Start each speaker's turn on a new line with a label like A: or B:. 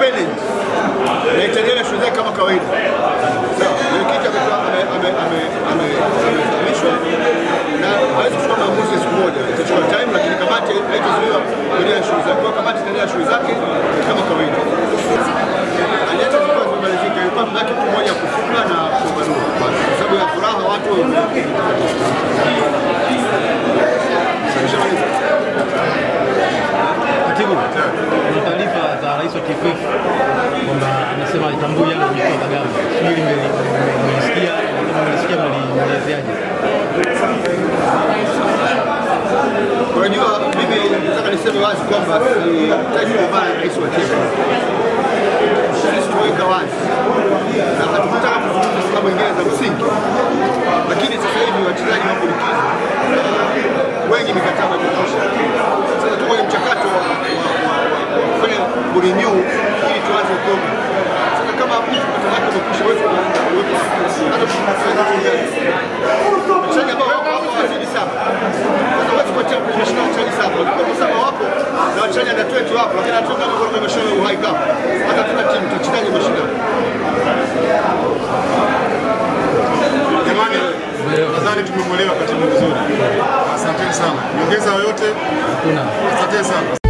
A: פלד. נתנאל השוזק כמה קראינו.
B: gamba hili mlisikia kama mlisikia mlielezeaje?
A: Unajua, mimi nataka niseme wazi kwamba sitaki kubaya rais wa Kenya. Sisi tumeweka wazi na hatukutaka kuzungumza sababu nyingine za msingi, lakini sasa hivi wachezaji wako likizo, wengi mikataba ya kutosha. Sasa tuko kwenye mchakato wa kufanya kurenew ili tuanze program kama maana umekwisha wewe kuanza uwepo hata kufanya mchezaji ambao wako wazidi saba sasa wewe kwa timu tunashinda mchezaji kwa saba wako na wachezaji na 20 wapo lakini hatuka kwa kwa mashindano uhai cup hata tuna timu tuchindaje mashindano nadhani tumemwelewa katibu vizuri asanteni sana nyongeza yoyote asanteni sana